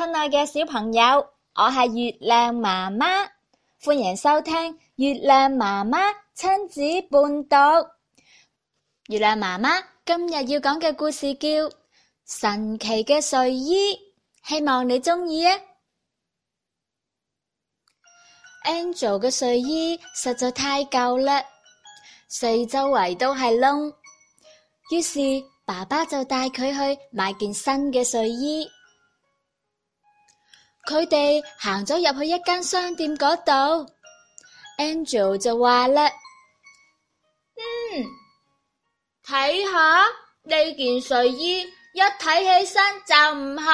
親愛嘅小朋友，我係月亮媽媽，歡迎收聽月亮媽媽親子伴讀。月亮媽媽今日要講嘅故事叫《神奇嘅睡衣》，希望你鍾意啊！Angel 嘅睡衣實在太舊啦，四周圍都係窿，於是爸爸就帶佢去買件新嘅睡衣。佢哋行咗入去一間商店嗰度，Angel 就話啦：嗯，睇下呢件睡衣，一睇起身就唔好。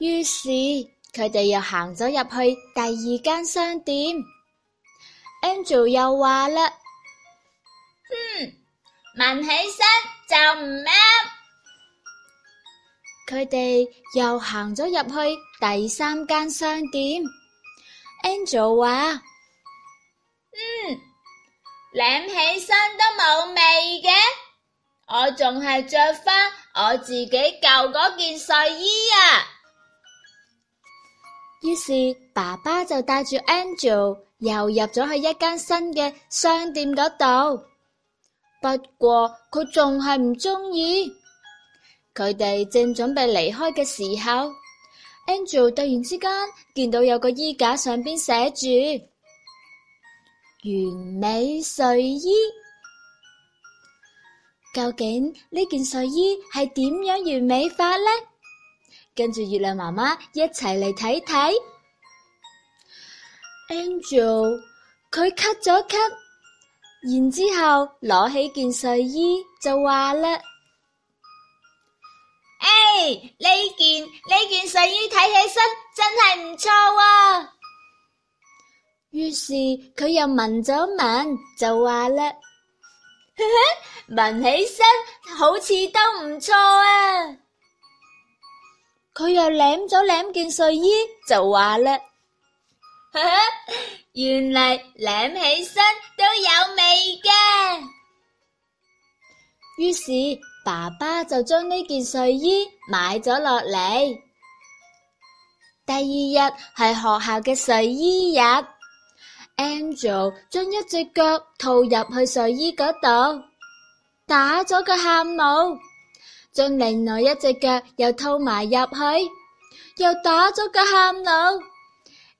於是佢哋又行咗入去第二間商店，Angel 又話啦：嗯，聞起身就唔啱。佢哋又行咗入去第三間商店，Angel 話：嗯，舐起身都冇味嘅，我仲係着翻我自己舊嗰件睡衣啊。於是爸爸就帶住 Angel 又入咗去一間新嘅商店嗰度，不過佢仲係唔中意。佢哋正準備離開嘅時候，Angel 突然之間見到有個衣架上邊寫住完美睡衣。究竟呢件睡衣係點樣完美法呢？跟住月亮媽媽一齊嚟睇睇。Angel 佢咳咗咳，咳，然之後攞起件睡衣就話啦。呢件呢件睡衣睇起身真係唔錯，哦、 錯啊！於是佢又聞咗聞，就話啦，聞起身好似都唔錯啊！佢又舐咗舐件睡衣，就話啦， 原嚟舐起身都有味嘅。於是。爸爸就將呢件睡衣買咗落嚟。第二日係學校嘅睡衣日，Angel 將一隻腳套入去睡衣嗰度，打咗個喊帽；將另外一隻腳又套埋入去，又打咗個喊帽。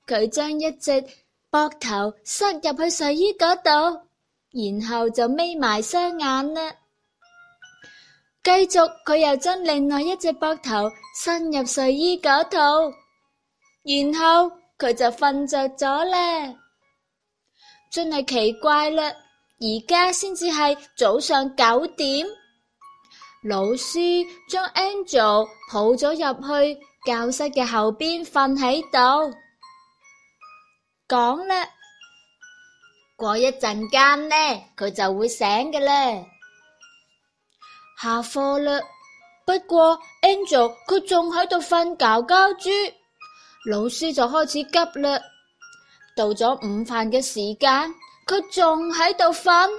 佢將一隻膊頭塞入去睡衣嗰度，然後就眯埋雙眼啦。繼續，佢又將另外一隻膊頭伸入睡衣嗰度，然後佢就瞓着咗咧，真係奇怪啦！而家先至係早上九點，老師將 Angel 抱咗入去教室嘅後邊瞓喺度，講啦，過一陣間呢，佢就會醒嘅啦。下課嘞，不過 Angel 佢仲喺度瞓覺覺豬，老師就開始急嘞。到咗午飯嘅時間，佢仲喺度瞓。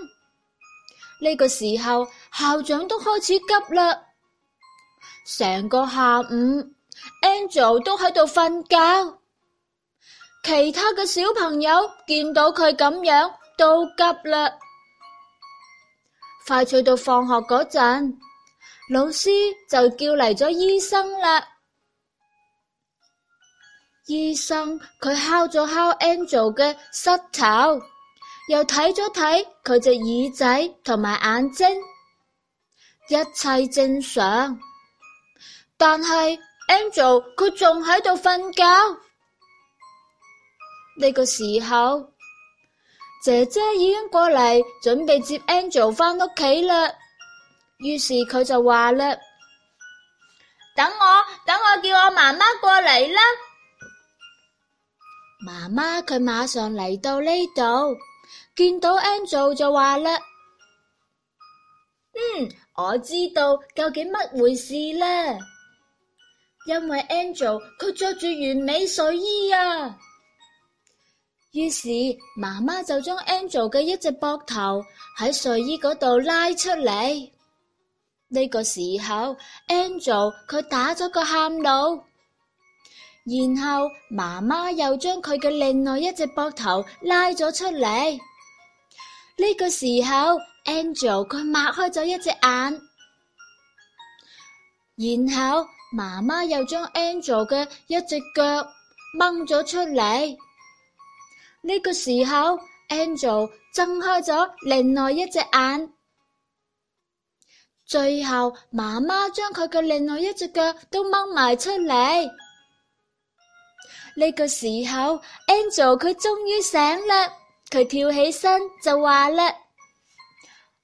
呢個時候校長都開始急嘞，成個下午 Angel 都喺度瞓覺，其他嘅小朋友見到佢咁樣都急嘞。快脆到放學嗰陣，老師就叫嚟咗醫生啦。醫生佢敲咗敲 Angel 嘅膝頭，又睇咗睇佢隻耳仔同埋眼睛，一切正常。但係 Angel 佢仲喺度瞓覺，呢個時候。姐姐已經過嚟，準備接 Angel 翻屋企啦。於是佢就話啦：等我，等我叫我媽媽過嚟啦。媽媽佢馬上嚟到呢度，見到 Angel 就話啦：嗯，我知道究竟乜回事啦。因為 Angel 佢着住完美睡衣啊。於是媽媽就將 Angel 嘅一隻膊頭喺睡衣嗰度拉出嚟。呢個時候，Angel 佢打咗個喊路。然後媽媽又將佢嘅另外一隻膊頭拉咗出嚟。呢個時候，Angel 佢擘開咗一隻眼。然後媽媽又將 Angel 嘅一隻腳掹咗出嚟。呢個時候，Angel 睜開咗另外一隻眼，最後媽媽將佢嘅另外一隻腳都掹埋出嚟。呢個時候，Angel 佢終於醒啦，佢跳起身就話啦：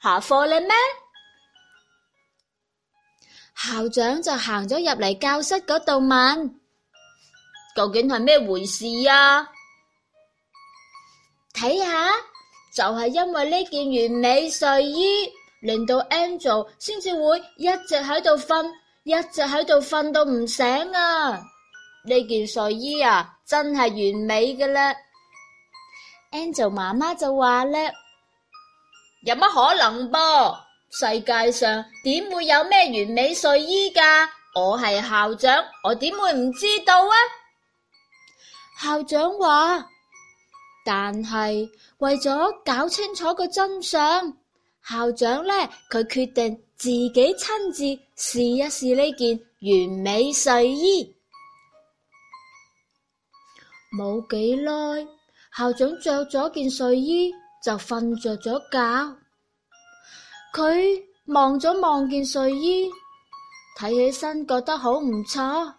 下課啦咩？校長就行咗入嚟教室嗰度問：究竟係咩回事呀？睇下，就係因為呢件完美睡衣令到 Angel 先至會一直喺度瞓，一直喺度瞓到唔醒啊！呢件睡衣啊，真係完美嘅啦。Angel 媽媽就話咧：有乜可能噃？世界上點會有咩完美睡衣噶？我係校長，我點會唔知道啊？校長話。但係為咗搞清楚個真相，校長呢，佢決定自己親自試一試呢件完美睡衣。冇幾耐，校長着咗件睡衣就瞓着咗覺。佢望咗望件睡衣，睇起身覺得好唔錯。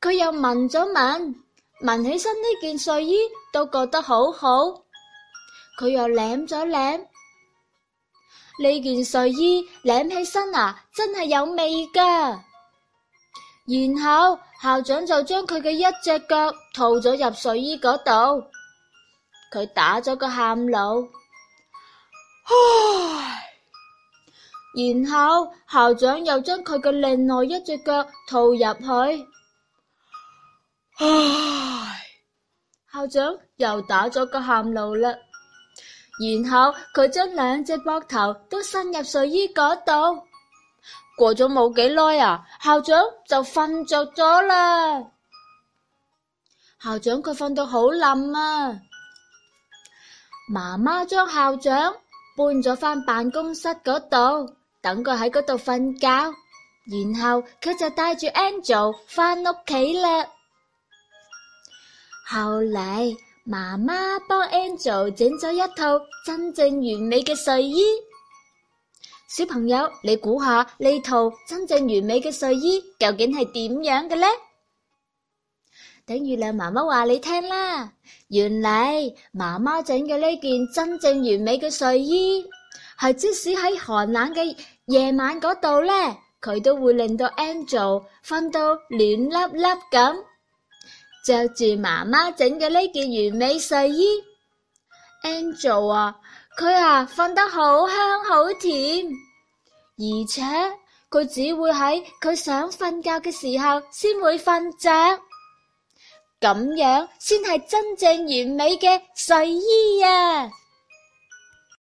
佢又聞咗聞。聞起身呢件睡衣都覺得好好，佢又舐咗舐呢件睡衣，舐起身啊，真係有味噶。然後校長就將佢嘅一隻腳套咗入睡衣嗰度，佢打咗個喊嚕，唉。然後校長又將佢嘅另外一隻腳套入去，唉。校長又打咗個喊路啦，然後佢將兩隻膊頭都伸入睡衣嗰度。過咗冇幾耐啊，校長就瞓着咗啦。校長佢瞓到好冧啊，媽媽將校長搬咗翻辦公室嗰度，等佢喺嗰度瞓覺，然後佢就帶住 Angel 翻屋企啦。後嚟，媽媽幫 Angel 整咗一套真正完美嘅睡衣。小朋友，你估下呢套真正完美嘅睡衣究竟係點樣嘅呢？等月亮媽媽話你聽啦，原嚟媽媽整嘅呢件真正完美嘅睡衣，係即使喺寒冷嘅夜晚嗰度呢，佢都會令到 Angel 瞓到暖笠笠咁。着住媽媽整嘅呢件完美睡衣，Angel 啊，佢啊瞓得好香好甜，而且佢只會喺佢想瞓覺嘅時候先會瞓着，咁樣先係真正完美嘅睡衣啊！